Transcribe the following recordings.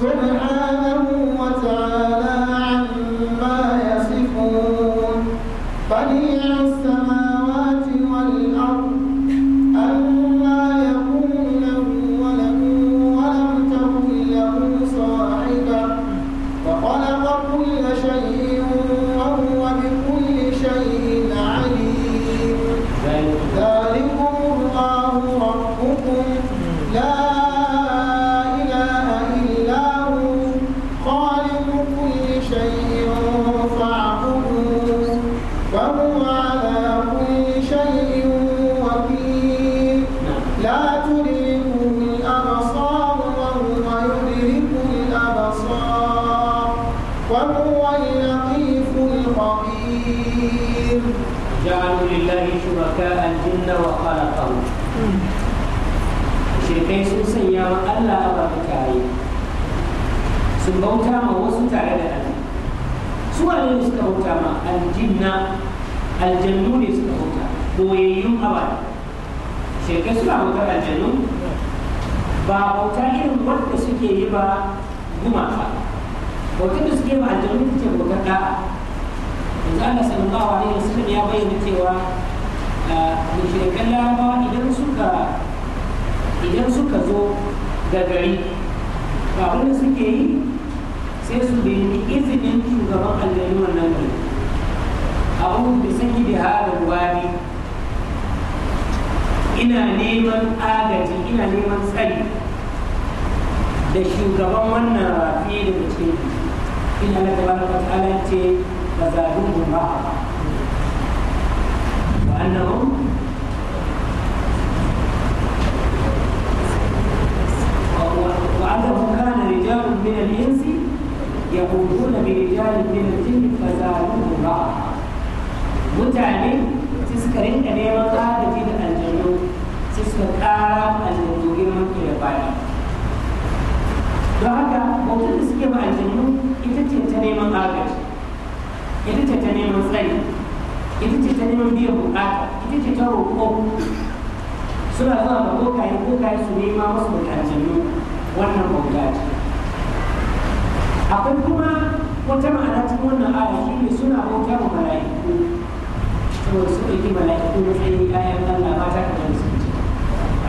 سبحانه وتعالى suwa ne suka bauta ma aljinna aljannu ne suka bauta boyayyun abada shekai suna bautar aljannu ba bauta irin wanda suke yi ba gumaka bautar da suke ba aljannu ta ce bautar da'a yanzu Allah sallallahu alaihi wasallam ya bayyana cewa mushrikan larabawa idan suka idan suka zo ga gari ba wanda suke yi sai su nemi izinin shugaban aljanu wannan gari a hun bi sahibi hadal wadi ina neman agaji ina neman tsari da shugaban wannan rafi daga cikin ina na gaba da ta'ala ce ba zaɗin gumba ba annahum وعنده كان رجال من الإنس يقولون برجال من الجن فزادوهم رعبا mutane sai suka rinka neman agaji da aljanu sai suka ƙara aljanu girman ke da bani don haka bautar da suke ba aljanu ita ce ta neman agaji ita ce ta neman tsari ita ce ta neman biyan bukata ita ce ta roƙo suna zuwa ga bokaye bokaye su nema masu da aljanu wannan bauta ce akwai kuma wata ma'ana cikin wannan aya shi ne suna bauta wa mala'iku saboda su ke mala'iku matsayin ayan Allah ba ta kamar su ce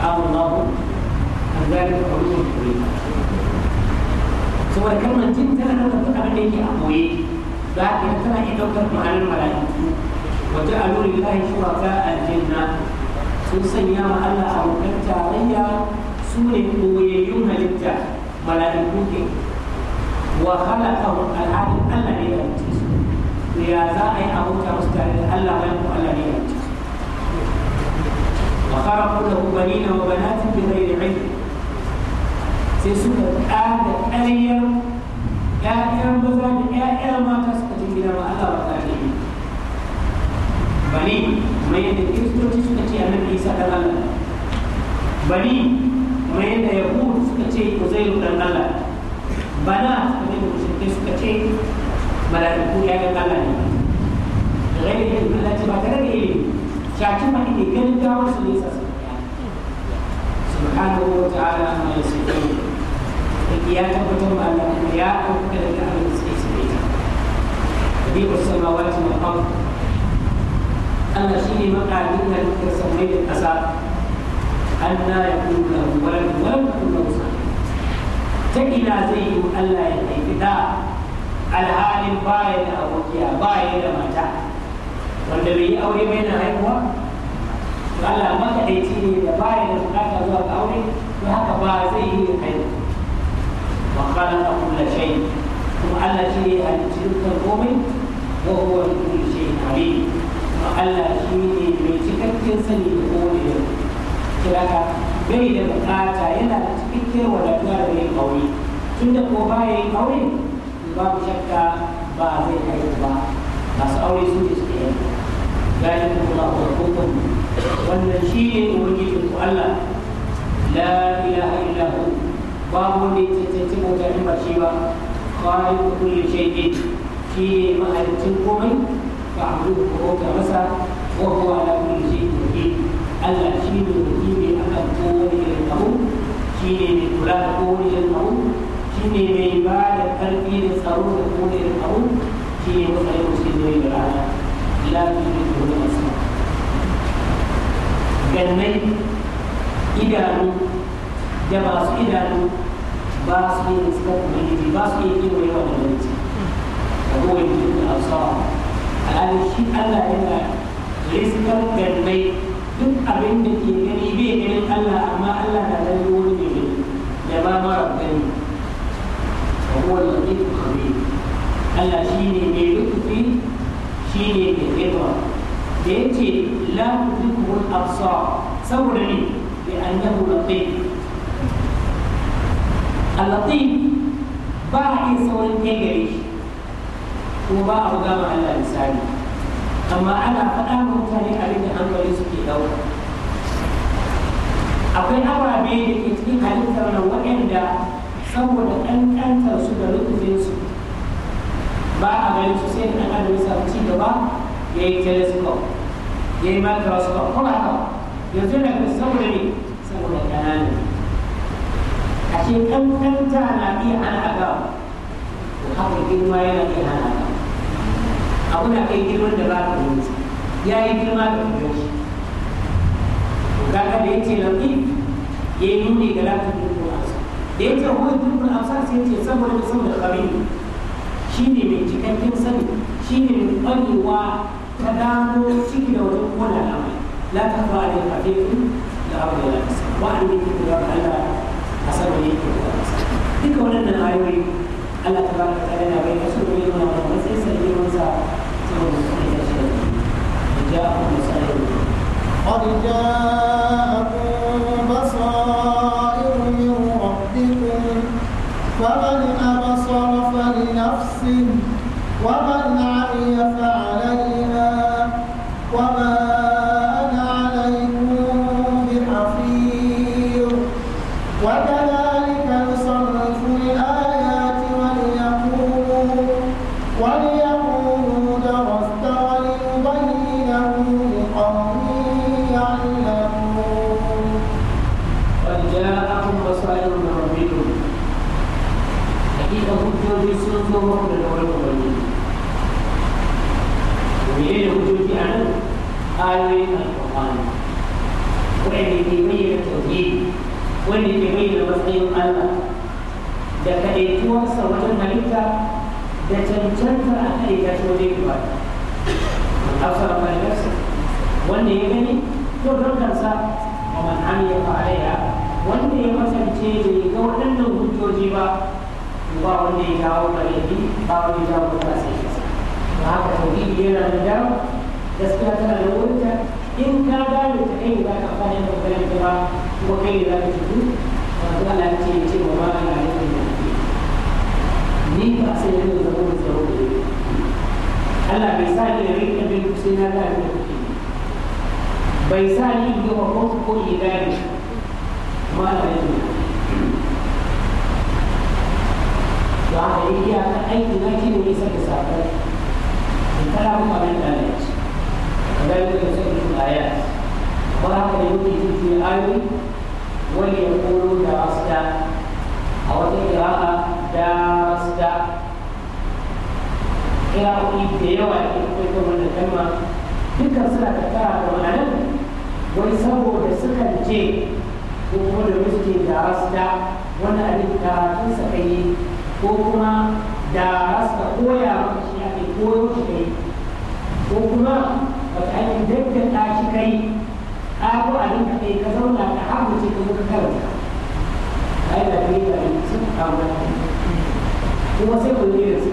Allahu an zalika qawlul karim saboda kalmar jin tana da duk abin da yake a boye za ka yi tana iya ɗaukar ma'anar mala'iku wajen alurin lahi a aljanna sun sanya ma Allah a wukar tarayya su ne koyayyun halitta mala'iku ke وخلقه العالم ألا يأتي يا زاهي أبو كمستعد ألا غيره ألا يأتي وخرقوا له بنين وبنات بغير علم سيسوك آد أليا يا إرم بزان يا إرم ما تسكت من ما ألا وتعليم بنين ما يدكير تسكت أن عيسى الله بنين ما يدكير تسكت أزيل الله Mana seperti itu sistem kecil Malah itu yang ada tangan ini Rai itu adalah jembatan ini Cacu mati di gendam selisa Subhanahu wa ta'ala Mayasifu Kegiatan pertumbuhan dan kegiatan Kedekatan di sisi Jadi bersama wajib Allah Allah ini maka Dengan kesempatan asal Anda yang berhubungan Walau berhubungan ta ina zai yi Allah ya haifi da alhalin baya da abokiya baya da mata wanda bai yi aure bai na haihuwa Allah makaɗaici ne da baya da bukata zuwa ga aure to haka ba zai yi haihu wa khalaqa kulla shay kuma Allah shi ne halicci dukkan komai wa huwa bi kulli shay'in alim kuma Allah shi ne mai cikakken sani da kowane yau kira bai da bukata yana da cikakkiyar wadatuwa da yin aure tun da ko ba ya yi aure mu shakka ba zai kai ba masu aure su ne suke yi gani kuma ba hukun wannan shi ne ubangijin ku Allah la ilaha illa hu ba mu ne cancanci bauta in ba shi ba ku kulli shege shi ne mahalicin komai ba abu ko bauta masa ko huwa ala kulli shay'in Allah shi ne shine mai kula da kowane irin abu shine mai ba da karfi da tsaro da kowane irin abu shine matsayin musulmi da rana lafi da kowane masu gannai idanu da masu idanu ba su yin suka ubangiji ba su yin yin yawa da wani da kowane jirgin alsawa alhalin shi allah yana riskar gannai duk abin da ke gani bai ganin Allah amma Allah na da wani ne gani ya ba mara gani wa huwa al-latif khabir Allah shine mai rufi shine mai girma da ya ce la tudrikuhu al-absar saboda ne bi annahu latif a latif ba a iya sauran kai gare shi kuma ba a buga ma Allah misali amma ana faɗa ma mutane abin da hankali suke ɗauka akwai ababe da ke cikin halittar nan waɗanda saboda ɗanɗantar su da rukuzin su ba a ganin su sai da ɗan adam ci gaba ya yi telescope ya yi microscope ko haka yanzu da ku saboda ne saboda a ashe ɗanɗanta na iya hana agawa to haka girma yana iya hana agawa abu na kai girman da ba yi wani ya yi girma da wani kaga da ya ce lafi ya yi nuni ga lafi dubu hamsin da ya ce huwa dubu hamsin sai ce saboda da saboda kabilu shi ne mai cikakken sani shi ne mai ƙwarewa ta gano ciki da wani kona lamai la ta fara da kafin da abu da lafi wa'anda yake da Allah a saboda yake da lafi duka waɗannan ayoyi الله تبارك وتعالى نبي رسول الله ونسي موسى سيدي موسى سيدي جاء موسى قد جاءكم بصائر من ربكم فمن أبصر فلنفسه ومن tsayuwarsa wajen halitta da cancanta a kai ta so dai ba a sarrafa nafsa wanda ya gani to don kansa wa man amiya fa alaiha wanda ya kasance ya ga waɗannan hujjoji ba ba wanda ya kawo kalabi ba wanda ya kawo ta sai shi ba haka tauhidi yana da dawo gaskiya tana da wurinta in ka gane ta kai za ka fara yin ba kuma kai za ka tudu wato Allah ya ce ce wa ma ana sai ya rinka zama tsaro da yake Allah bai sa ni rinka bin ku sai na ga abin da kuke bai sa ni in ga bakon ku ko ya gane amma Allah ya yi da haka yi iyaka aiki na ke ne isa da sako in kana kuma nan da ne kamar yadda sai ku ayat amma haka ne muke jin ayoyi wani ya koro da wasu da a wata kira'a da wasu da kira'o'i da yawa da ke kai wannan kalma dukkan suna tattara da ma'anar wai saboda sukan je ko kuma da suke da rasta wanda a duk karatun sa yi ko kuma da rasta koya maka shi ake koyo shi kai ko kuma ba ta yi hanyar ta shi kai ƙago a rinka kai ka zauna ka haɓuce ka muka karanta ai da kai da sun kawo kuma sai ku yi da su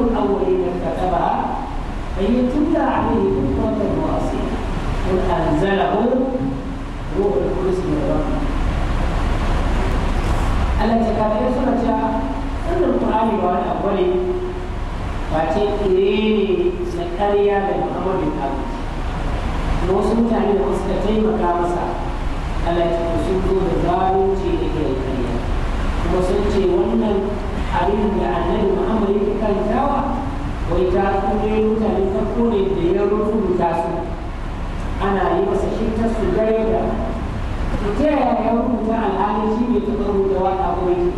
أن تملى عليه كفرة وأصيلا قل أنزله روح القدس من ربنا Allah ta kafa ya suna ta wannan Qur'ani ba wani abu ne ba ce kire ne na ƙarya da Muhammadu Kalu da wasu mutane da suka taimaka masa Allah ta ku sun zo da zalunci da ke ƙarya kuma sun ce wannan abin da annabi Muhammadu ya kantawa wai ta kungiyoyin mutane ta kone da ya da su ana yi masa shi su dare da ta yaya ya rubuta alhalin shi bai taɓa rubuta wata ko bai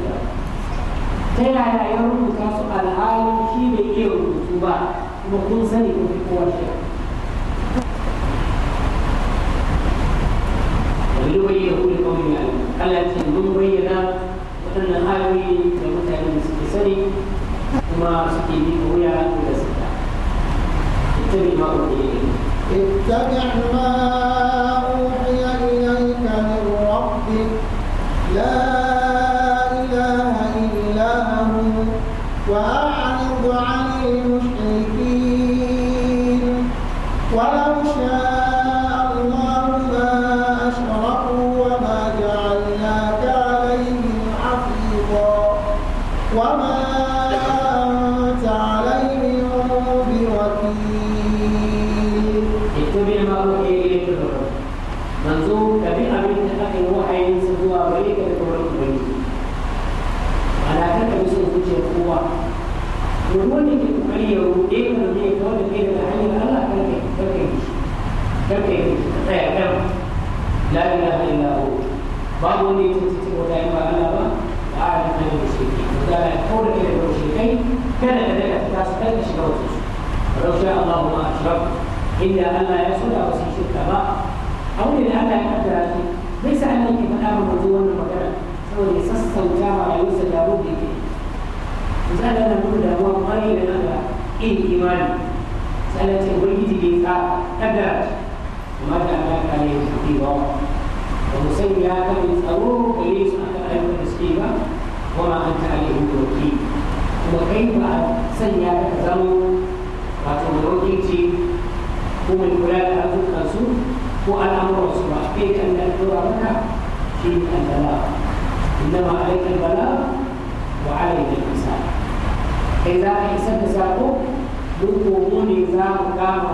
ta yaya ya rubuta su alhalin shi bai iya rubutu ba kuma kun sani ko fi kowa shi wani bayyana kuma kawai ne Allah ce mun bayyana waɗannan ayoyi da mutane suke sani kuma suke bi ka wuya da zakka ittabi ma uhiya ilayka ittabi ma uhiya ilayka min rabbik la ilaha illa hu wa شركه تيكم لا إله إلا هو بعضهم يتتتي ودائما أنا با وأعلم من المشركين وكان يقول إلى المشركين كان لديك أفكاس كان يشكوت ولو شاء الله ما أشركت إلا أن لا يصل أو سيشرك ما أو لأن لا يقدر ليس أنك من أمر وجوه المكان سوى يسسل جامع ليس به وزال أنا نقول هو قليلا إن إيه إيمان سألت الولد بإنفاق قدرت matakan kare jiki ba wa ya kan tsaro gare su aka ayyuka ba wa ta alaihi doki kuma kai ba sanya ka zama wato da wakilci ko mai kula da azukan ko al'amuran su ba kai kan da tura bala wa isa kai za ka da sako duk ne za mu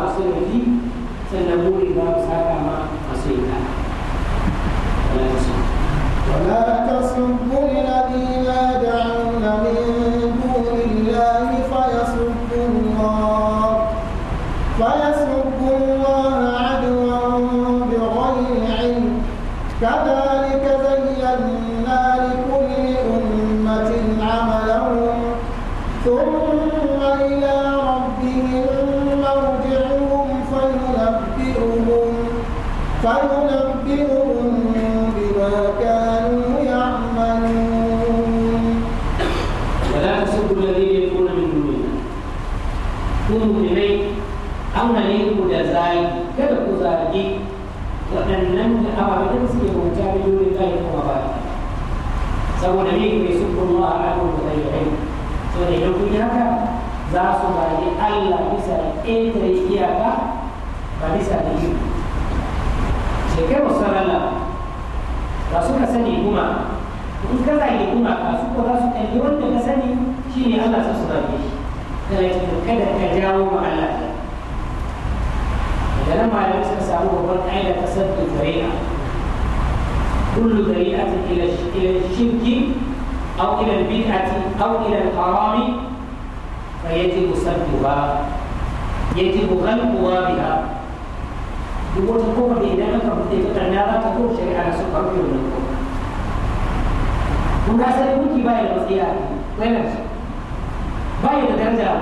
za su gani Allah bisa da ƙetare iyaka ba bisa da yi shekaru sarala ba suka sani kuma in ka zage kuma ka su ko za su ɗauki wanda ka sani shi ne Allah sa su zage shi kada kada ka jawo ma Allah ta daga nan malamai suka samu babban ƙa'ida ta sabbin zari'a kullu zari'atin ila shirki أو إلى البدعة أو إلى الحرام فيجب سدها يجب غلقها بها duk wata kofa da idan aka buɗe ta tanda za ta kowace shari'a da suka rufe kofa kuma sai a daraja a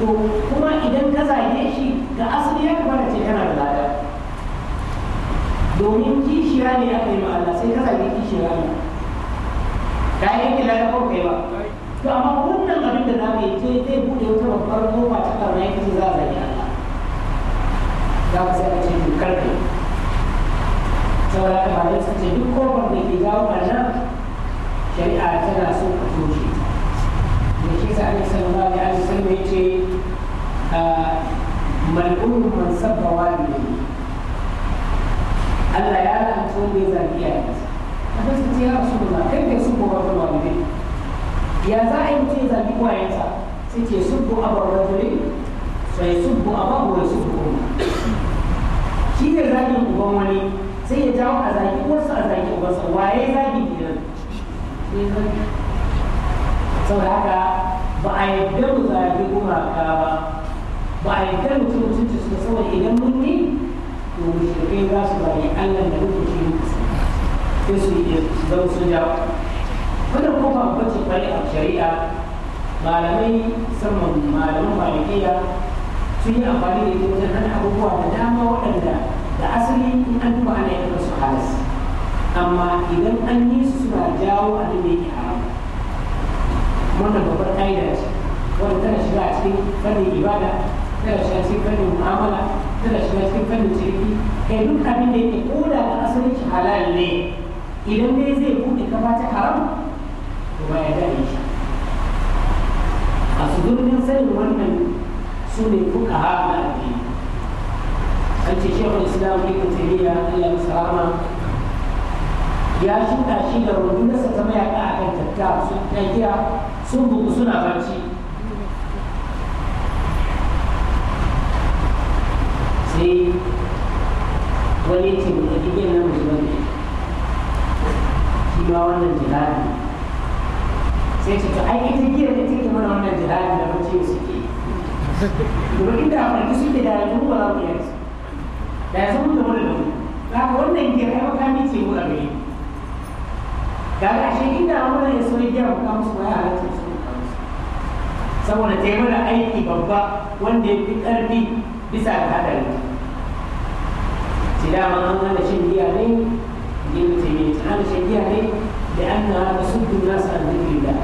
to kuma idan ka zage shi ga asali ya kamata ce kana da lada domin kishiya ne aka yi ma Allah sai ka zage kishiya ne ka yi lada ko kai ba to amma wannan abin da za mu yi zai bude wata babbar kofa ta karnai ta za a zagi Allah za ku sai a ce to karfe saboda haka ba sun ce duk kofar da ke jawo ɓarna shari'a tana so ka toshe da shi sa alaihi sallallahu alaihi wasallam ya ce mai ah, mal'un man sabba wani ne Allah ya lantso ne zagi a yanzu. Abin su ce ya rasu da kai kai su ko ba ta waliyi. ya za a yi mutum ya zaɓi uwayensa sai ce subbu abar rajuli sai subbu abahu wa subbu shi ne zagin uban wani sai ya jawo a zaɓi wasu a zagi uwarsa waye zagi gidan saboda haka ba a yadda mu zagi gumaka ba ba a yadda mutum mutunci su saboda idan mun ne to mushrikai za su zaɓi allah da mutunci sai su yi zama sun jawo wannan kuma hukunci fari a shari'a malamai musamman malaman malikiya sun yi amfani da ita wajen hana abubuwa da dama waɗanda da asali in an duba ana yin su halas amma idan an yi su suna jawo abin da yake haram wannan babbar ƙa'ida ce wanda tana shiga a cikin fannin ibada tana shiga cikin fannin mu'amala tana shiga cikin fannin ciki kai duk abin da yake koda da asalin shi halal ne idan dai zai buɗe kafa ta haram kuma ya shi a sudurin sanin wannan su ne fuka na addini an ce shekul islam ibn taymiya allah ya salama ya shuka shi da rundunarsa ta mayaka a kan tatta ta tagiya sun bugu suna barci sai wani ce mutum igiyar nan musulman shi ma wannan jihadi sai ce ta ai ita giya da take mana wannan jihadi da mace suke domin inda farki suke da yanzu ba za mu yi da yanzu mun zama da mu za ka wannan giya ai makami ce mu a gari ga ashe inda wannan ya so giya mu kawo su ya halatta su saboda ta yi mana aiki babba wanda ya fi ƙarfi bisa ga hadari ci dama an hana shan giya ne ne mutum ya ta hana shan giya ne لأنها تصد الناس عن ذكر الله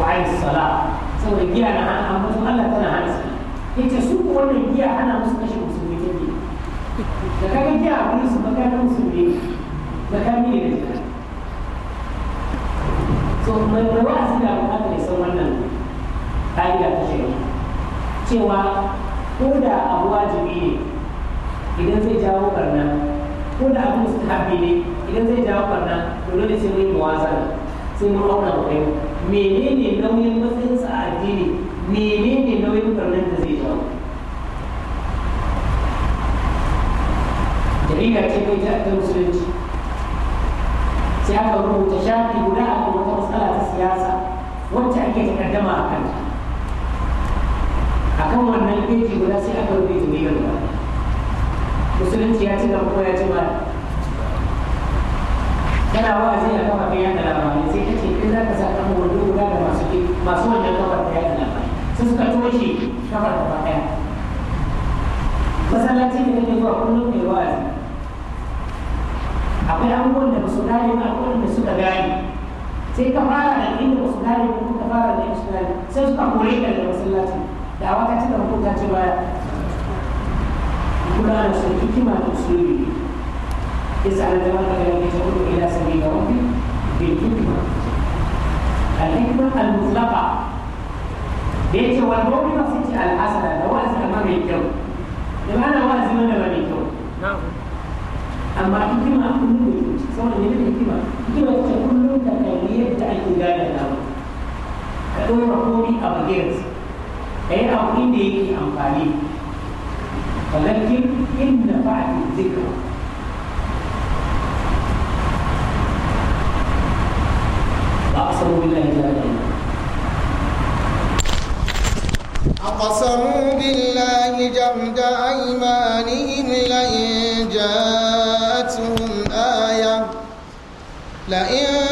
وعن الصلاة سوى الجيع أنا أنا أمتهم ألا تنا عن سبيل هي تسوق ولا الجيع أنا مستشفى مسلمين جديد لكن الجيع أقول سبب كان مسلمين مكان مين ثم الوعظ إلى مقابل سوى قائلة تشيء سوى ko da abu wajibi ne idan zai jawo barna ko da abu mustahabi ne idan zai jawo barna to dole sai mun yi muwazana sai mun auna mu kai menene nauyin matsayin sa addini menene nauyin barnan da zai jawo jarida ce kai ta ta musulunci sai aka rubuta shafi guda a kan wata matsala ta siyasa wacce ake takaddama a kanta akan wannan peji guda sai aka rubuta ne gaba musulunci ya ci gaba ko ya ci ba kana zai ya kafa ya da labarai sai ka ce in za ka sa kan wando guda da masu ke masu wannan kafa ta yada labarai sai suka toshe kafar kafa ɗaya masallaci da ne zuwa kullum mai wazi akwai abubuwan da basu su gane ba akwai suka gane sai ka fara da inda ba su gane ko ka fara da inda su gane sai suka kore da masallaci da awaka ta gaba ko ta ce baya cultura nos legitima a construir esa relevancia que hemos dicho que era ese libro legítima la legítima al muslapa de hecho el gobierno ha hecho al asada no a ser más bello de verdad no va a ser más bello amma hikima kun ne sama ne da hikima hikima ce kullum da kai yadda ake da mu ka dora komi a bagirs ayi abu inda yake amfani ولكن إن نفعت الذكرى وأقسموا بالله تعالى أقسموا بالله جهد أيمانهم لئن جاءتهم آية لئن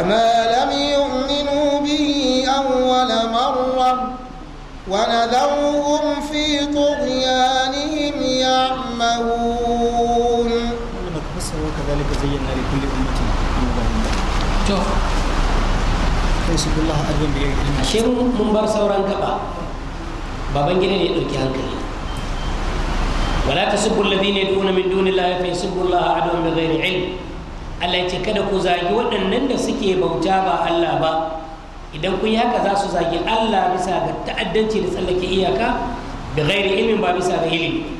كما لم يؤمنوا به أول مرة ونذرهم في طغيانهم يعمهون وكذلك زينا لكل أمة فيسب الله أدوان بيئة شين من بار سوران كبا بابان جنين يدركي هنكلي ولا تسبوا الذين يدعون من دون الله فيسبوا الله عدوا بغير علم Allah ce kada ku zagi waɗannan da suke bauta ba Allah ba idan kun yi haka za su zagi Allah bisa ga ta'addanci da tsallake iyaka da gairi ilmin ba bisa ga ilimi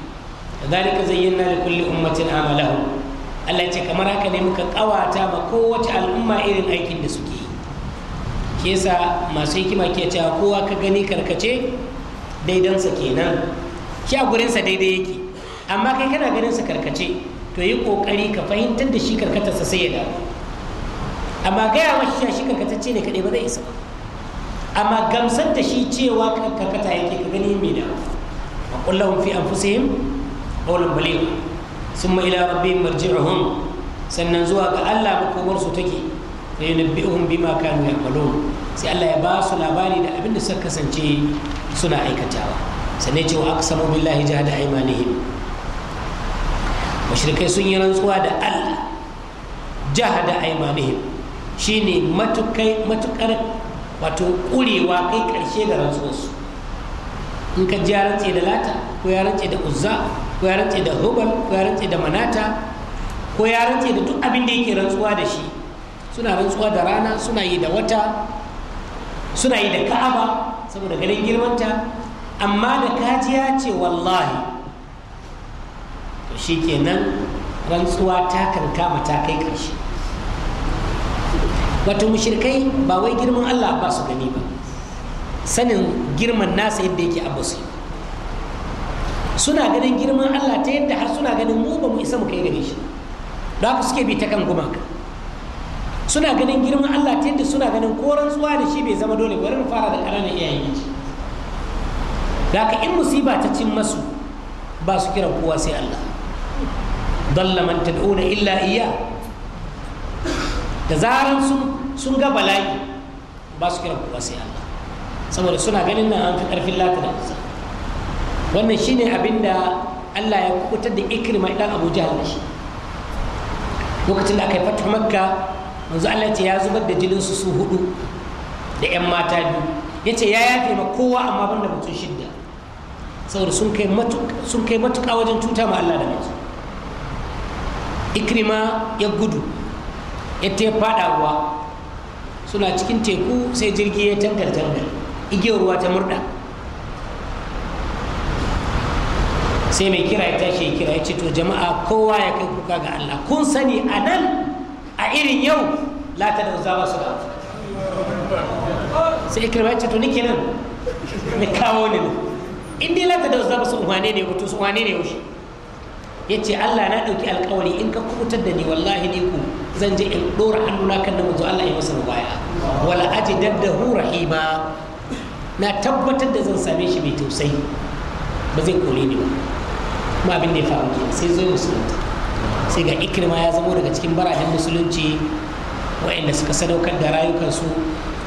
kadhalika zayyana li kulli ummatin amalahu Allah ce kamar haka ne muka kawata ma kowace al'umma irin aikin da suke yi sa masu hikima ke cewa kowa ka gani karkace daidansa kenan shi a gurinsa daidai yake amma kai kana ganin sa karkace to yi kokari ka fahimtar da shi karkatarsa sai ya dawo amma gaya mashi cewa shi karkatacce ne kaɗai ba zai isa ba amma gamsar da shi cewa karkata yake ka gani mai dawo a kullahun fi anfusihim qawlan baligh summa ila rabbihim marji'uhum sannan zuwa ga Allah makomar su take fa bi ma kanu ya'malun sai Allah ya ba su labari da abin da suka kasance suna aikatawa sannan cewa aqsamu billahi jahada aymanihim mashirkai sun yi rantsuwa da allah jahada aimanihim shine matukai matukar wato kurewa kai karshe da rantsuwarsu in ka ji ya rantse da lata ko ya rantse da uzza ko ya rantse da hubal ko ya rantse da manata ko ya rantse da duk abin da yake rantsuwa da shi suna rantsuwa da rana suna yi da wata suna yi da ka'aba saboda ganin girmanta amma da kajiya ce wallahi shi nan rantsuwa ta kankama ta kai ƙarshe wato mushirkai ba wai girman allah ba su gani ba sanin girman nasa yadda yake abu su suna ganin girman allah ta yadda har suna ganin mu ba mu isa mu kai gare shi da haka suke bi ta kan gumaka suna ganin girman allah ta yadda suna ganin koran tsuwa da shi bai zama dole bari mu fara da ƙananan iyayen gici da haka in musiba ta cin masu ba su kiran kowa sai allah dalla man tad'una illa iya da zaran sun ga bala'i ba su kira kuwa sai Allah saboda suna ganin nan an fi karfin lati da azza wannan shine abin da Allah ya kubutar da ikirma idan Abu jihar da shi lokacin da aka yi fatu makka manzo Allah ce ya zubar da jinin su hudu da yan mata biyu ya ce ya yafe ma kowa amma banda mutum shidda saboda sun kai matuƙa wajen cuta ma Allah da mutum ikrima ya gudu ya ta fada ruwa suna cikin teku sai jirgi ya tangar tangar igiyar ruwa ta murda sai mai kira ya tashi ya kira ya ce to jama'a kowa ya kai kuka ga Allah kun sani a nan a irin yau lata da uzawa su da sai ikrima ya ce to nike nan ni kawo ni in dai lata da uzawa su umarne ne wato su umarne ne yaushe Ya ce Allah na ɗauki alkawari in ka kubutar da ni wallahi ni ku zan je in ɗora hannuna kan da manzo Allah ya masa rubaya. wala aji ajidaddahu rahima na tabbatar da zan same shi mai tausayi ba zai kore ni ba kuma abin da ya faru ke sai zo musulunta sai ga ikirma ya zamo daga cikin barajen musulunci waɗanda suka sadaukar da rayukansu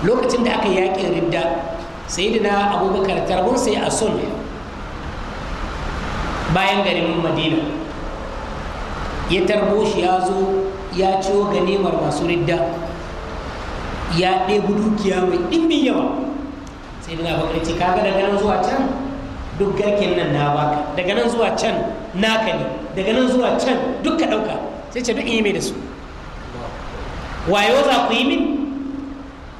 lokacin da aka yaƙin ridda sai na abubakar tarbun sai a sulh bayan garin madina ya tarbo shi ya zo ya ciwo ganimar masu ridda ya ɗebu dukiya mai ɗimbin yawa sai dina bakar ce kaga daga nan zuwa can duk garken nan na baka daga nan zuwa can naka ne daga nan zuwa can duk ka ɗauka sai ce duk in yi mai da su wayo za ku yi min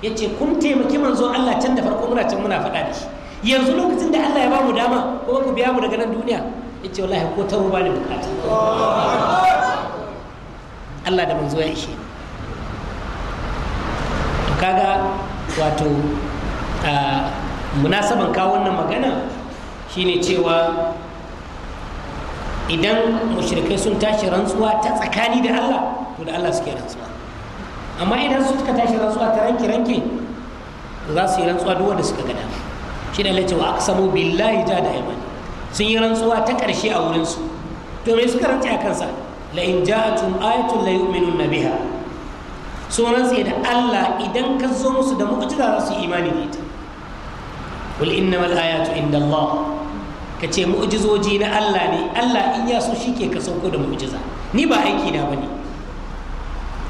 ya ce kun taimaki manzo Allah can da farko muna can muna faɗa da shi yanzu lokacin da Allah ya ba mu dama ko ku biya mu daga nan duniya yace wallahi ko ta ruwa ne bukata Allah da manzo ya ishe ni to kaga wato munasaban kawo wannan magana shine cewa idan mushrikai sun tashi rantsuwa ta tsakani da Allah to da Allah suke rantsuwa amma idan su suka tashi rantsuwa ta ranki ranki za su yi rantsuwa duk wanda suka gada shi ne lalacewa ce wa aqsamu billahi da ayman sun yi rantsuwa ta ƙarshe a wurinsu to me suka rantsi a kansa la'in ja'atun ayatul la yu'minun biha sun sai da Allah idan ka zo musu da mu'jiza za su yi imani da ita qul innamal ayatu inda Allah ka ce mu'jizoji na Allah ne Allah in ya so shike ka sauko da mu'jiza ni ba aiki na bane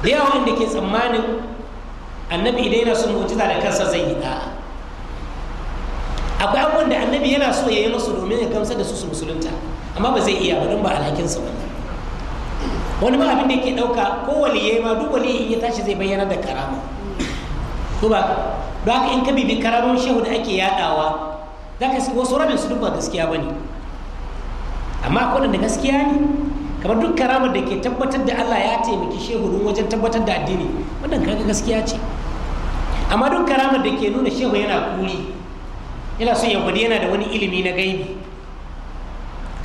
da yawa wanda ke tsammanin annabi idan yana son mu'jiza da kansa zai yi da'a akwai abubuwan da annabi yana so ya yi musu domin ya gamsar da su su musulunta amma ba zai iya ba don ba alhakinsa ba wani ma abin da yake ɗauka ko waliye ma duk waliye in ya tashi zai bayyana da karama ko ba don haka in ka bibi karamar shehu da ake yaɗawa za ka wasu rabin su duk ba gaskiya ba ne amma akwai da gaskiya ne kamar duk karamar da ke tabbatar da Allah ya taimaki shehu wajen tabbatar da addini wannan kaga gaskiya ce amma duk karamar da ke nuna shehu yana kuri ina son ya yana da wani ilimi na gaibi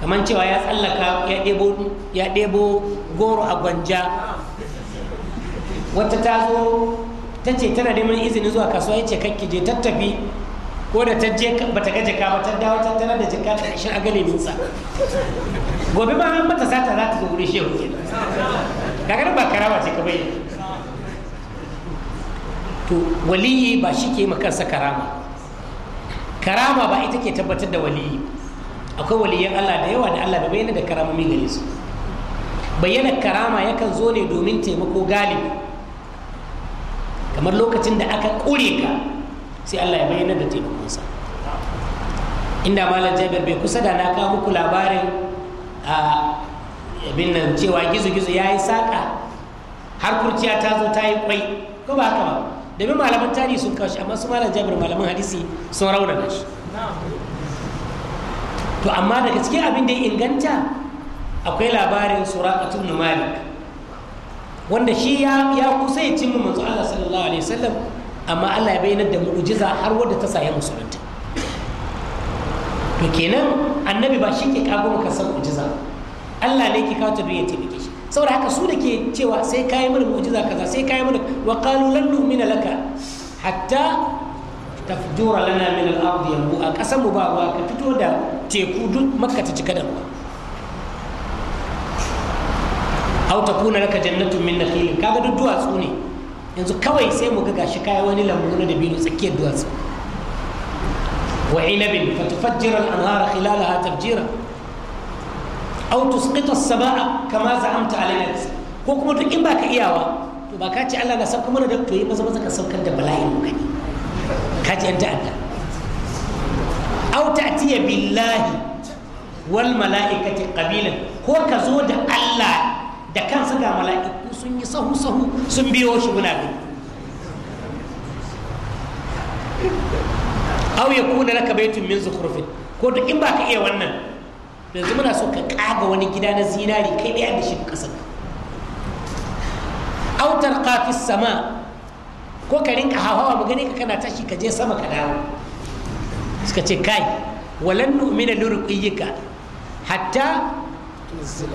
kamar cewa ya tsallaka ya ɗebo goro a gwanja wata ta zo ta ce tana neman izini zuwa kasuwa ya ce kakki je tattafi ko da ta je ba ta ga ba ta dawo ta tana da jika ta ƙarshen a nisa gobe ma an mata sata za ta zo wuri shehu ke kagar ba karama ce ka bayyana to waliyi ba shi ke makansa karama karama ba ita ke tabbatar da waliyi akwai waliyan Allah da yawa da Allah bai bayyana da karamomi gare su bayyana karama yakan zo ne domin taimako galibi kamar lokacin da aka ƙure ka sai Allah ya bayyana da taimakonsa inda malam jabir bai kusa da na kawo muku labarin a abin nan cewa gizo-gizo ya yi saƙa har kurciya ta zo ta yi kwai ko ba haka ba domin malaman tarihi sun kawo shi amma su malam jabir malaman hadisi sun raunana shi to amma daga cikin abin da ya inganta akwai labarin suraqatu malik wanda shi ya kusa ya cimma manzo Allah sallallahu alaihi wasallam amma Allah ya bayyana da mu'jiza har wadda ta sa ya musulunta to kenan annabi ba shi ke kago maka san mu'jiza Allah ne ke kawo ta duniya ta saboda haka su da ke cewa sai ka yi mana mu'jiza kaza sai ka yi mana wa qalu lan laka hatta tafjura lana min al-ard a kasan mu ba ruwa ka fito da teku duk makka ta cika da ruwa aw kuna laka jannatu min nakhil kaga duk duwatsu ne yanzu kawai sai mu ga gashi kai wani lambu na dabino tsakiyar duwatsu wa inabin fatufajjira al-anhara khilalaha tafjira aw tusqita as-samaa kama za'amta alaina ko kuma duk in baka iyawa to ba ka ce Allah na sauka mana da to yi maza maza ka saukar da bala'in ka gani ka ji yanta Allah Auta tiya billahi wal mala'ikati qabilan ko ka zo da Allah da kansa ga mala'iku sun yi sahu sahu sun biyo shi muna gani aw yakuna laka baytun min zukhrufin ko duk in baka iya wannan yanzu muna so ka kaga wani gida na zinari kai ɗaya da shi ƙasar autar kafin sama ko ka rinka hawa mu gani ka kana tashi ka je sama ka dawo suka ce kai walan nu'mina lurqiyyika hatta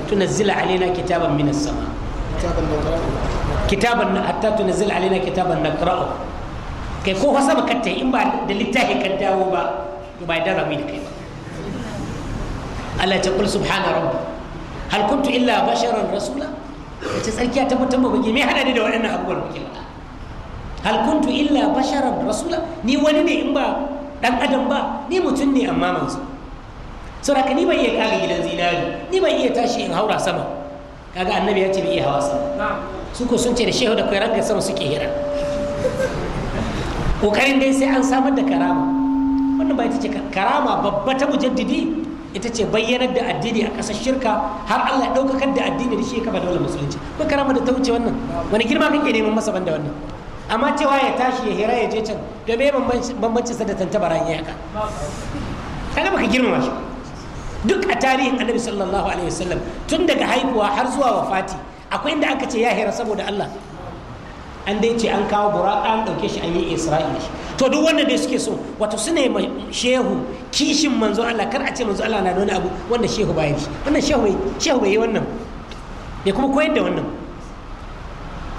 tunazzila alaina kitaban minas sama kitaban hatta tunazzila alaina kitaban naqra'u kai ko hasa baka in ba da littafi ka dawo ba ba da rami da kai Allah ta kula subhana rabbi hal kuntu illa basharan rasula ta tsarkiya ta mutum ba me hada da waɗannan abubuwan kuke faɗa hal kuntu illa basharan rasula ni wani ne in ba dan adam ba ni mutum ne amma manzo saboda ni ban iya kaga gidan zinari ni ban iya tashi in haura sama kaga annabi ya ce bai iya hawa sama su ko sun ce da shehu da koyar sama suke hira kokarin dai sai an samar da karama wannan ba ta ce karama babba ta mujaddidi ita ce bayyanar da addini a ƙasar shirka har Allah ya ɗaukakar da addini da shi ya kafa daular musulunci ko karama da ta wuce wannan wani girma kake neman masa banda wannan amma cewa ya tashi ya hira ya je can da me bambancin sa da tantabara ya yaka baka girmama shi duk a tarihin annabi sallallahu alaihi wasallam tun daga haihuwa har zuwa wafati akwai inda aka ce ya hira saboda Allah an dai ce an kawo buraka an ɗauke shi an yi isra'il to duk wanda dai suke so wato su ne shehu kishin manzo Allah kar a ce manzo Allah na da wani abu wanda shehu ba shi wannan shehu shehu bai yi wannan ya kuma koyar da wannan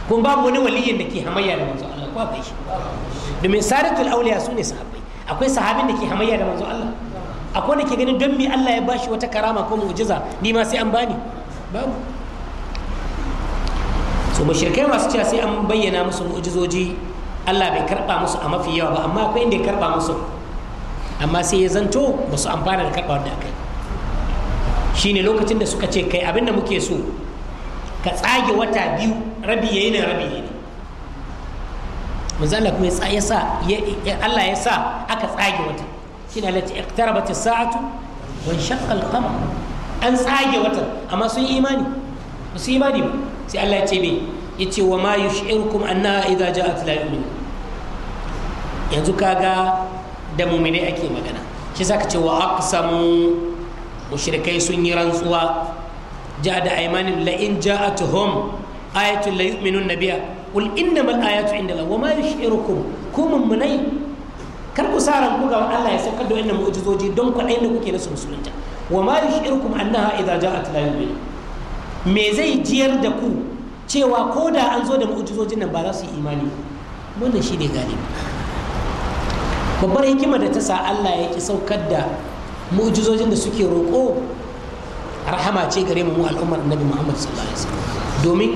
kun babu wani waliyin da ke hamayya da manzo Allah ko akwai shi domin sadatul auliya su ne sahabbai akwai sahabin da ke hamayya da manzo Allah akwai wanda ke ganin don me Allah ya bashi wata karama ko mu'jiza ni ma sai an bani babu so mushrikai masu cewa sai an bayyana musu mu'ujizoji Allah bai karba musu a mafi yawa ba amma akwai inda ya karba musu amma sai ya zanto ba su amfana da karba wanda aka shi ne lokacin da suka ce kai abinda muke so ka tsage wata biyu rabi ya yi na rabi yayi yi Allah kuma ya sa Allah ya sa aka tsage wata shi Allah ya iqtarabat as-sa'atu wa shaqqa al an tsage wata amma sun imani ba su imani ba sai Allah ce me yace wa ma yi yushirukum annaha idza ja'at la yu'minu yanzu kaga da mu'mine ake magana shi saka ce wa aqsamu mushrikai sun yi rantsuwa ja da aimanin la in ja'atuhum ayatun la yu'minun nabiya qul innamal ayatu indallah wa ma yushirukum kum mu'minai kar ku sa ranku ga Allah ya saukar da wannan mu'jizoji don kwaɗayin da kuke da sunsunta. wa ma yushirukum annaha idza ja'at la yu'minu me zai jiyar da ku cewa ko da an zo da mu'ujizojin nan ba za su yi imani wannan shi ne gane babbar hikima da ta sa Allah ya ki saukar da mu'ujizojin da suke roƙo rahama ce gare mu al'ummar annabi Muhammad sallallahu alaihi wasallam domin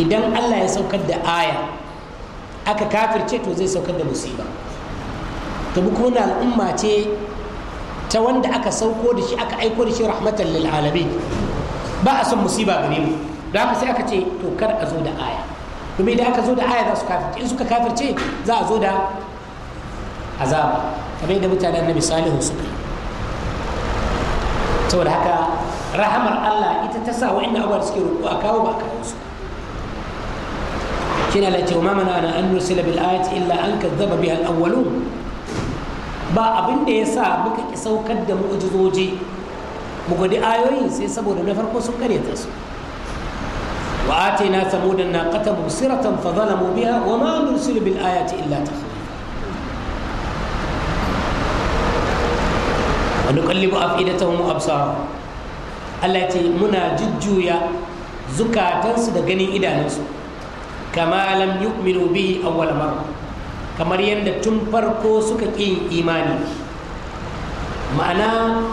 idan Allah ya saukar da aya aka kafirce to zai saukar da musiba to kuma al'umma ce ta wanda aka sauko da shi aka aiko da shi rahmatan lil alamin ba a son musiba gare mu da haka sai aka ce to kar a zo da aya domin idan aka zo da aya za su kafirce in suka kafirce za a zo da azaba kamar yadda mutanen na misali su yi saboda haka rahamar Allah ita ta sa wa'annan abubuwa suke roƙo a kawo ba a kawo su kina la ce ma mana an nursila bil ayati illa an kazzaba biha al awwalun ba abin da yasa muka ki saukar da mu'jizoji mu gudu ayoyin sai saboda na farko sun karyata su wa atina na naqata mubsiratan fa mu biya wa ma wani bil ayati illa ta wa nuqallibu afidatahum wa absarahum Allah ce muna jujjuya zukatansu da ganin idanunsu kama lam yu'minu bihi awwal marra kamar yadda tun farko suka ƙi imani ma'ana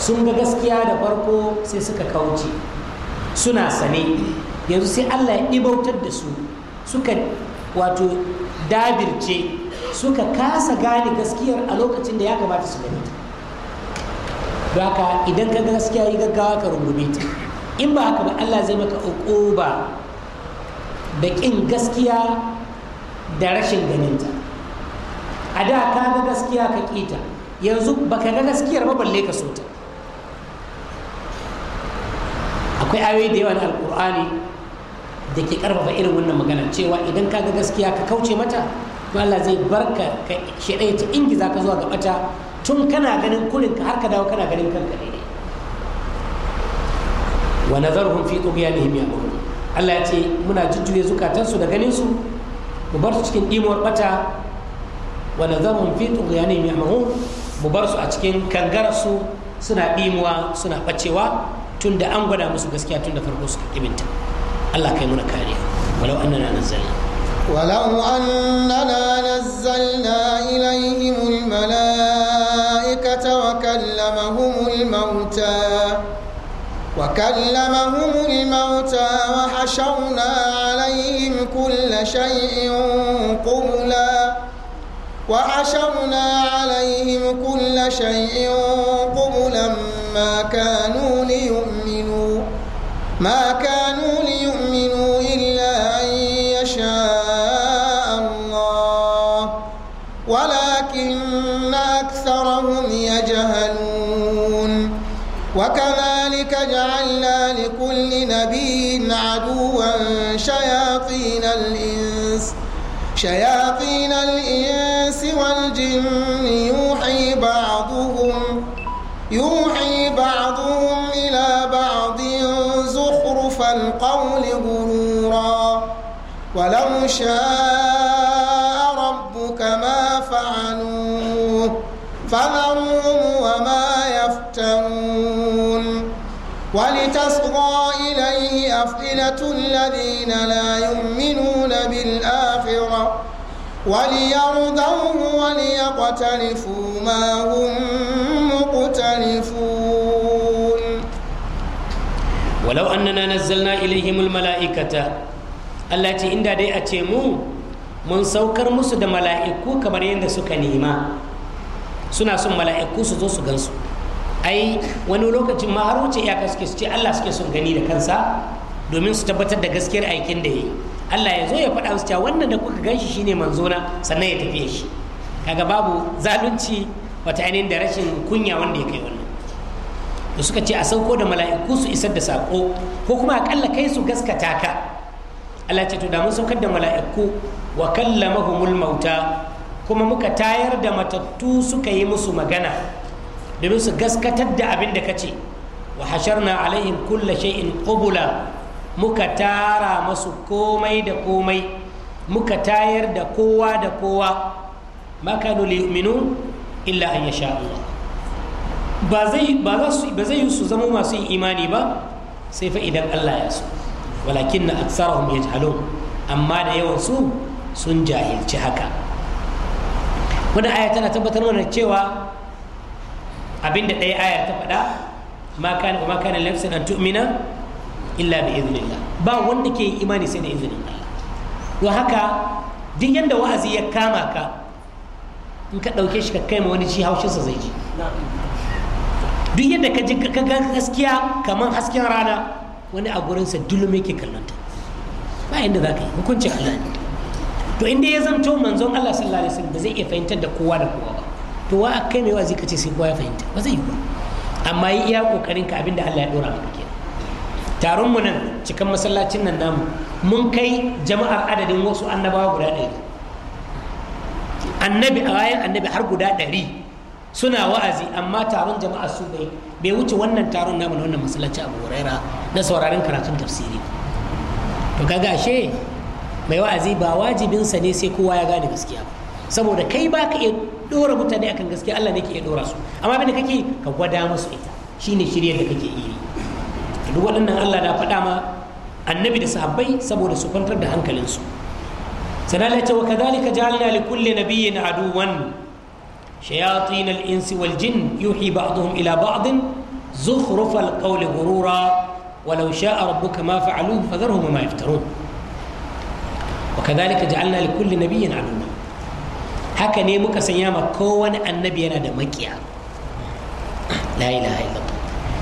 sun ga gaskiya da farko sai suka kauce suna sane yanzu sai allah ya ɗibautar da su suka wato dabirce suka kasa gane gaskiyar a lokacin da ya kamata su gani ta ka idan ka gaskiya yi gaggawa ka rungume ta in ba haka ba allah zai maka ba da ƙin gaskiya da rashin ganinta a da ka ga gaskiya ka ƙita yanzu ba ka ga gaskiyar ba balle ka so ta akwai ayoyi da yawa na alkur'ani da ke karfafa irin wannan magana cewa idan ka ga gaskiya ka kauce mata to Allah zai barka ka shaɗaya ta ingiza ka zuwa ga bata tun kana ganin kulin ka har ka dawo kana ganin kanka ne wa nazarhum fi tughyanihim ya'mahun Allah ya ce muna jujjuye zukatansu da ganin su mu bar su cikin dimuwar bata wa nazarhum fi tughyanihim ya'mahun mu bar su a cikin kangararsu suna dimuwa suna bacewa tun da an gwada musu gaskiya tun da farko suka kibinta Allah kai muna kariya walau annana nazzalna walau annana nazzalna ilaihim almalaikata wa kallamahum mauta. wa kallamahum almauta wa hashawna alaihim kulla shay'in qubla وحشرنا عليهم كل شيء قبلا ما كانوا ليؤمنوا ما كانوا ليؤمنوا إلا أن يشاء الله ولكن أكثرهم يجهلون وكذلك جعلنا لكل نبي عدوا شياطين الإنس شياطين الإنس والجن يوحي بعضهم ولو شاء ربك ما فعلوه فذرهم وما يفترون ولتصغى إليه أفئدة الذين لا يؤمنون بالآخرة وليرضوه وليقترفوا ما هم مقترفون ولو أننا نزلنا إليهم الملائكة Allah ce inda dai a ce mu mun saukar musu da mala'iku kamar yadda suka nema suna son mala'iku su zo su gansu ai wani lokacin ma har wuce iyaka suke su ce Allah suke son gani da kansa domin su tabbatar da gaskiyar aikin da yi Allah ya zo ya faɗa su cewa wannan da kuka ganshi shine manzona sannan ya tafiye shi kaga babu zalunci wata ainihin da rashin kunya wanda ya kai wannan da suka ce a sauko da mala'iku su isar da sako ko kuma akalla kai su gaskata ka Allah ce to da mun saukar da mala'iku wa kallamahumul mauta kuma muka tayar da matattu suka yi musu magana domin su gaskatar da abin da kace wa hasharna alaihim kulla shay'in qubula muka tara masu komai da komai muka tayar da kowa da kowa ma kanu liyu'minu illa an yasha Allah ba zai ba za su ba zai su zama masu imani ba sai fa idan Allah ya so walakin na ya yajhalun amma da yawan su sun jahilci haka wannan aya tana tabbatar mana cewa abinda ɗaya ayar ta faɗa ma kana ma an tu'mina illa bi idhnillah ba wanda ke imani sai da izinin Allah don haka duk yadda wa'azi ya kama ka in ka ɗauke shi ka kai ma wani shi haushinsa zai ji duk yadda ka ji gaskiya kamar hasken rana wani a gurinsa dulum ke kallonta ba yadda za ka yi hukunci Allah ne to inda ya zanto manzon Allah sallallahu alaihi wasallam ba zai iya fahimtar da kowa da kowa ba to wa a kai mai wazi ka ce sai kowa ya fahimta ba zai yi ba amma yi iya kokarin ka abinda Allah ya dora maka kenan taron mu nan cikin masallacin nan namu mun kai jama'ar adadin wasu annabawa guda ɗari annabi a wayan annabi har guda ɗari suna wa'azi amma taron jama'a su bai bai wuce wannan taron namu na wannan masallaci abu huraira na sauraron karatun tafsiri to ka ashe mai wa'azi ba wajibinsa ne sai kowa ya gane gaskiya ba saboda kai ba ka iya dora mutane akan gaskiya Allah ne ke iya dora su amma abin da kake ka gwada musu ita shine shiryar da kake yi duk waɗannan Allah na faɗa ma annabi da sahabbai saboda su kwantar da hankalinsu sannan ce wa kadhalika ja'alna li kulli nabiyyin aduwan shayatin al-insi wal yuhi ba'dhum ila ba'din زخرف القول غرورا ولو شاء ربك ما فعلوه فذرهم وما يفترون وكذلك جعلنا لكل نبي عدوا haka ne muka sanya ma kowane annabi yana da makiya la ilaha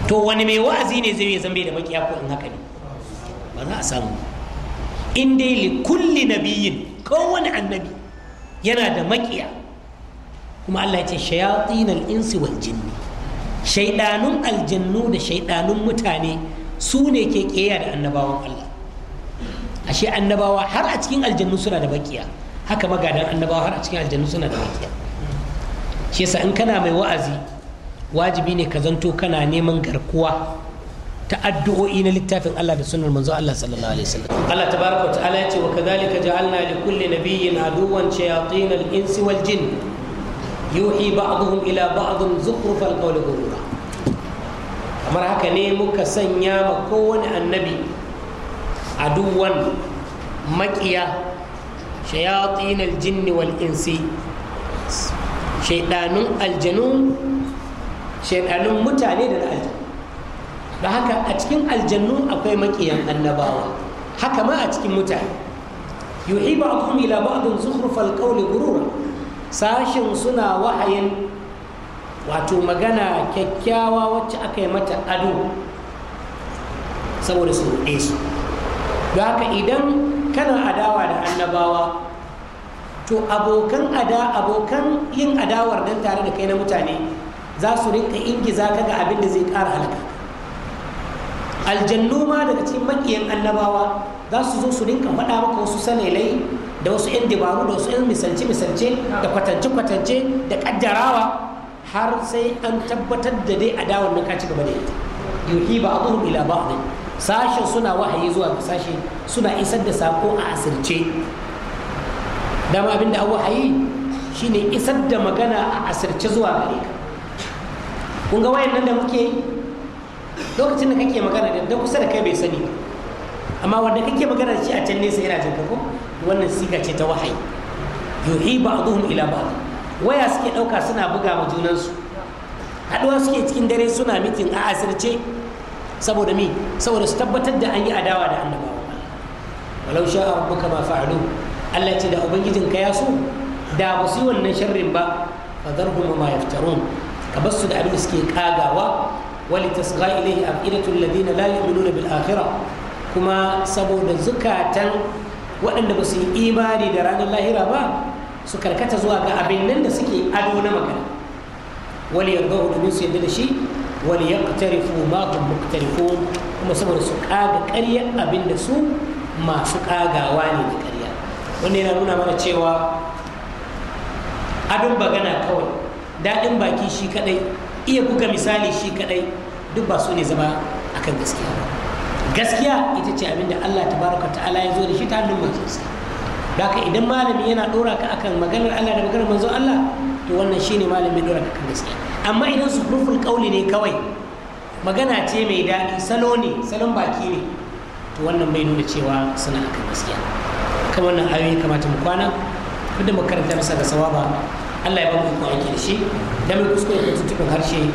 to wani mai wa'azi ne zai yi zambe da makiya ko in haka ne ba za a samu in dai li kulli annabi yana da makiya kuma Allah ya ce shayatin al wal jinni shaidanun aljannu da shaidanun mutane su ne ke keya da annabawan Allah ashe annabawa har a cikin aljannu suna da bakiya haka magadan annabawa har a cikin aljannu suna da bakiya shi yasa in kana mai wa'azi wajibi ne ka zanto kana neman garkuwa ta addu'o'i na littafin Allah da sunan manzo Allah sallallahu alaihi wasallam Allah tabaraka wa ta'ala ya ce wa kadhalika ja'alna li kulli nabiyyin aduwwan shayatin al-insi wal jinn yuhi ba'dhum ila ba'dhin zukhrufal qawli ghurura kamar haka ne muka sanya ma kowane annabi aduwan makiya shayatin aljinni wal insi shaidanun aljanu shaidanun mutane da aljanu da haka a cikin aljannu akwai makiyan annabawa haka ma a cikin mutane yuhi ba'dhum ila ba'dhin zukhrufal qawli ghurura sashin suna wahayin wato magana kyakkyawa wacce aka yi mata ado saboda su ruɗe su don haka idan kana adawa da annabawa to abokan ada abokan yin adawar nan tare da kai na mutane za su rinka ingiza ka ga abin da zai ƙara halka aljannu ma daga cikin maƙiyan annabawa za su zo su rinka faɗa maka wasu sanailai da wasu 'yan dabaru da wasu 'yan misalce-misalce da kwatance-kwatance da kaddarawa har sai an tabbatar da dai adawar nan ka ci gaba da ita yuhi ba abuhum ila ba'd sashen suna wahayi zuwa ga sashe suna isar da sako a asirce dama abin da wahayi shine isar da magana a asirce zuwa gare ka kun ga wayan nan da muke lokacin da kake magana da kusa da kai bai sani amma wanda kake magana shi a can nesa yana jin ko wannan siga ce ta wahayi yuhi ba'dhum ila ba'd waya suke dauka suna buga ma junansu haduwa suke cikin dare suna mitin a asirce saboda mi saboda su tabbatar da an yi adawa da annabawa walau sha rabbuka ma fa'alu Allah ce da ubangijin ka ya so da ba su yi wannan sharrin ba fa zarhum ma yaftarun ka bar su da abin suke kagawa wali tasgha ilayhi afidatul ladina la yu'minuna bil akhirah kuma saboda zukatan waɗanda ba su yi imani da ranar lahira ba su karkata zuwa ga abin nan da suke ado na magana wani yarda domin su yadda da shi wani ya ƙutarifu makon ko kuma saboda su ƙaga ƙarya abin da su masu ƙagawa ne da ƙarya wanda yana nuna mana cewa adon bagana kawai daɗin baki shi kaɗai iya buga misali shi kaɗai duk ba su ne zama akan gaskiya ba gaskiya ita ce abinda Allah ta ta ta'ala ya zo da shi ta hannun aka haka idan malami yana ɗora ka akan maganar Allah da maganar manzo Allah to wannan shine malami dora ka kan gaskiya amma idan su ruful kauli ne kawai magana ce mai daɗi salo ne salon baki ne to wannan bai nuna cewa suna akan gaskiya kan wannan ayoyi kamata mu kwana duk da makaranta bisa ga sawaba Allah ya ba mu aiki da shi da mu kuskure da tutukan harshe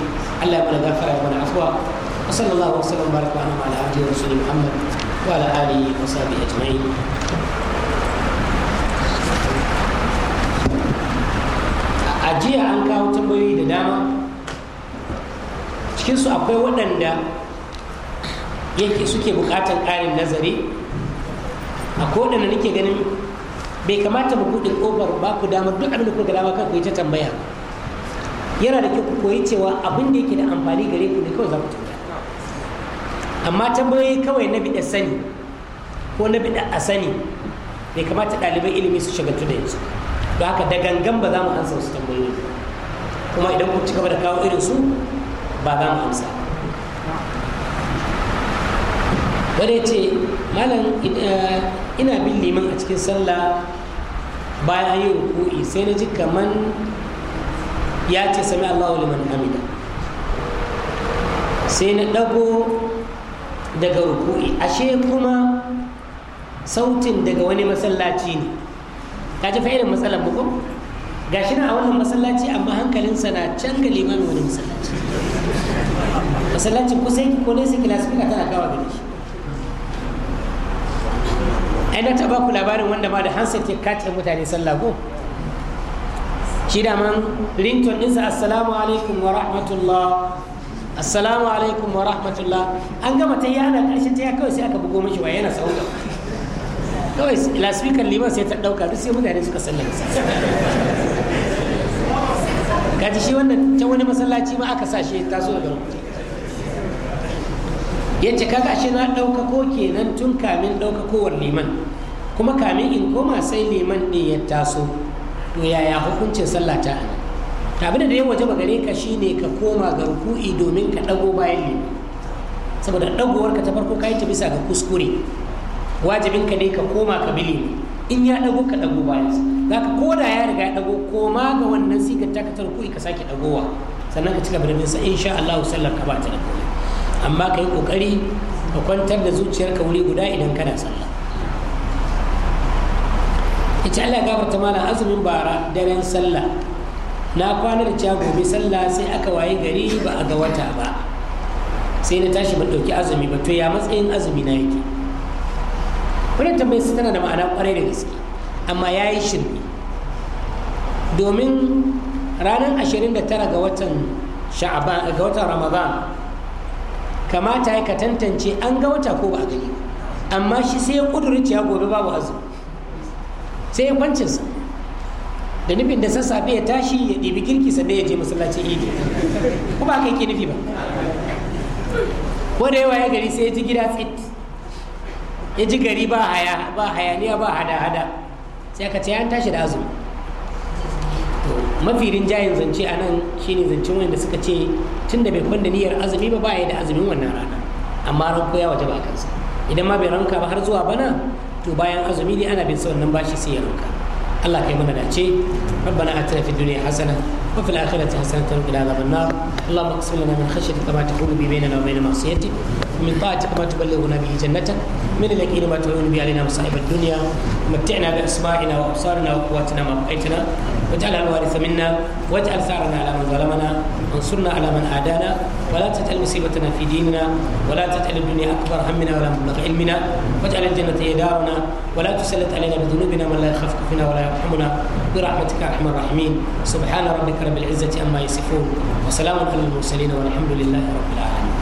Allah ya mana gafara ya mana afwa وصلى الله وسلم وبارك وانعم على عبده ورسوله محمد وعلى اله وصحبه اجمعين a jiya an kawo tambayoyi da dama cikinsu akwai waɗanda yake suke buƙatar ƙarin nazari akwai waɗanda nake ganin bai kamata mu buɗe ƙofar ba ku damar duk abin da kuka dama kan ku yi ta tambaya yana da kyau ku koyi cewa abin da yake da amfani gare ku ne kawai za ku amma tambayoyi kawai na bida sani ko na bida a sani bai kamata ɗalibai ilimi su shiga tuda yanzu don haka da gangan ba za mu amsa su tambayoyi kuma idan ku ci gaba da kawo irin su ba za mu amsa wadda ya ce malam ina bin liman a cikin sallah bayan yi ruku'i sai na ji kaman ya ce sami allahu liman hamida sai na ɗago daga ruku'i ashe kuma sautin daga wani masallaci ne ka ji fa'irin matsalar muku ga shi na a wannan masallaci amma hankalinsa na can ga limamin wani masallaci masallacin kusa yake ko ne sai kilasifika tana kawo gani shi ai na taɓa ku labarin wanda ma da hansa ke kace mutane sallah ko shi da man rington ɗinsa assalamu alaikum wa rahmatullah assalamu alaikum wa rahmatullah an gama ta yana karshen ta ya kawai sai aka bugo mashi wa yana sauka kawai lasfikar liman sai ta dauka duk sai mutane suka sallama gaji shi wannan ta wani masallaci ma aka shi ta so da yace kaga shi na dauka ko kenan tun kamin dauka kowar liman kuma kamin in koma sai liman ne ya taso to yaya hukuncin sallah ta abin da ya waje ba gare ka shine ka koma ga ruku'i domin ka dago bayan ne saboda dagowar ka ta farko ka yi ta bisa ga kuskure wajibin ka ne ka koma ka bile in ya dago ka dago bayan sa za ka koda ya riga ya dago koma ga wannan sigar ta ka ruku'i ka sake dagowa sannan ka ci gaba da bin sa insha Allah sallar ka ba ta dago amma ka yi kokari ka kwantar da zuciyarka wuri guda idan kana sallah ita Allah gafarta mana azumin bara daren sallah na kwana da cewa gobe sallah sai aka waye gari ba a ga wata ba sai na tashi ban ɗauki azumi ba to ya matsayin azumi na yake wannan su tana da ma'ana kwarai da gaske amma ya yi shirme domin ranar 29 ga watan sha'aban ga watan ramadan kamata ya ka tantance an ga wata ko ba a gani amma shi sai ya ƙudurci ya gobe babu azumi sai ya kwancinsa da nufin da sassafe ya tashi ya ɗibi girki sannan ya je masallacin idi ko ba kai ke nufi ba ko da yawa ya gari sai ya ji gida tsit ya ji gari ba haya ba hayaniya ba hada-hada sai ka ce ya tashi da azumi mafi rinjayen zance a nan shine zancen wanda suka ce tun da bai kwanda niyyar azumi ba ba ya da azumin wannan rana amma ranko ya wata ba kansa idan ma bai ranka ba har zuwa bana to bayan azumi ne ana bin sa wannan bashi sai ya ranka الله كيمنا نأتي ربنا آتنا في الدنيا حسنة وفي الآخرة حسنة وقنا عذاب النار اللهم اقسم لنا من خشيتك ما تحول به بيننا وبين معصيتك ومن طاعتك ما تبلغنا به جنتك من اليقين ما تعين به علينا مصائب الدنيا ومتعنا بأسماعنا وأبصارنا وقواتنا ما بقيتنا واجعل الوارث منا واجعل ثارنا على من ظلمنا وانصرنا على من عادانا ولا تجعل مصيبتنا في ديننا ولا تجعل الدنيا اكبر همنا ولا مبلغ علمنا واجعل الجنه هي دارنا ولا تسلط علينا بذنوبنا من لا يخافك فينا ولا يرحمنا برحمتك ارحم الراحمين سبحان ربك رب العزه عما يصفون وسلام على المرسلين والحمد لله رب العالمين